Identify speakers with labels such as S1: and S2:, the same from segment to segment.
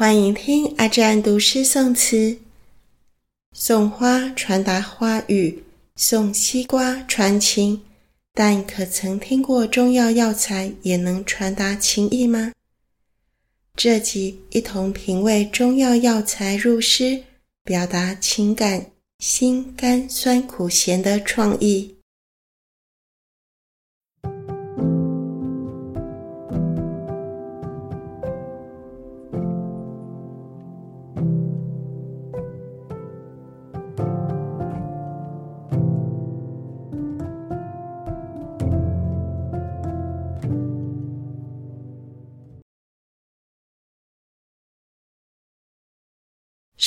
S1: 歡迎聽阿占讀詩宋詞。送花傳達花語，送西瓜傳情，但可曾聽過中藥藥材也能傳達情意嗎？這集一同品味中藥藥材入詩，表達情感，辛甘酸苦鹹的創
S2: 意。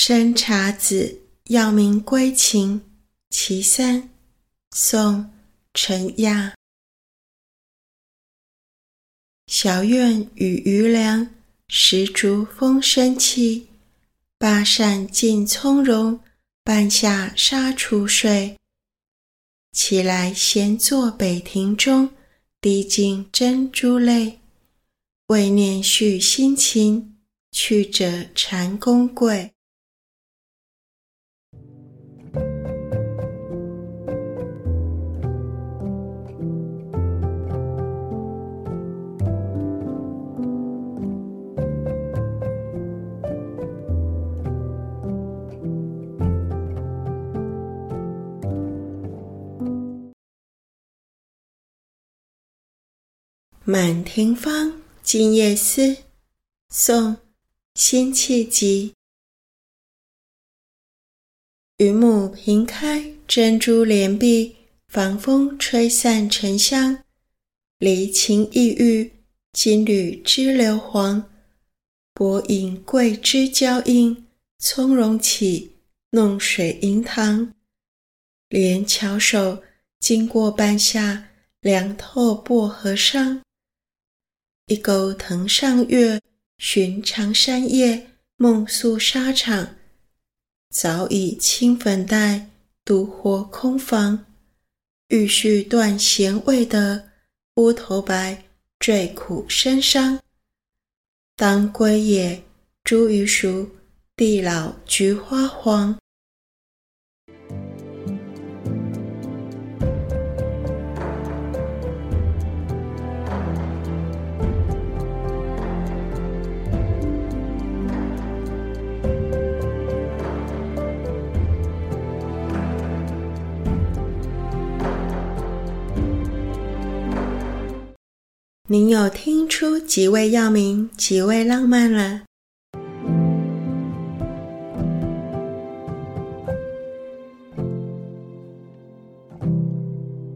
S2: 生查子，藥名閨情其三，宋，陳亞。小院雨餘涼，石竹風生砌，罷
S1: 扇盡從容，半下紗廚睡。起來閒坐北亭中，滴盡真珠淚，
S2: 為念婿辛勤，去折蟾宮桂。方《滿庭芳·靜夜思》，宋·辛棄疾。雲母屏開，珍珠簾閉，
S1: 防風吹散沉香。離情抑鬱，金縷織流黃。柏影桂枝交映，從容起弄水銀塘。連翹首驚過半夏，涼透薄荷裳。一鈎藤上月，尋常山夜夢宿沙場，早已輕粉黛，獨活空房。欲續斷弦未得烏頭白，最苦參商。當歸也，茱萸熟，地老菊花黃。您有聽出幾位藥名，幾位浪漫了？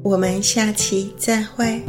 S1: 我們下期再會。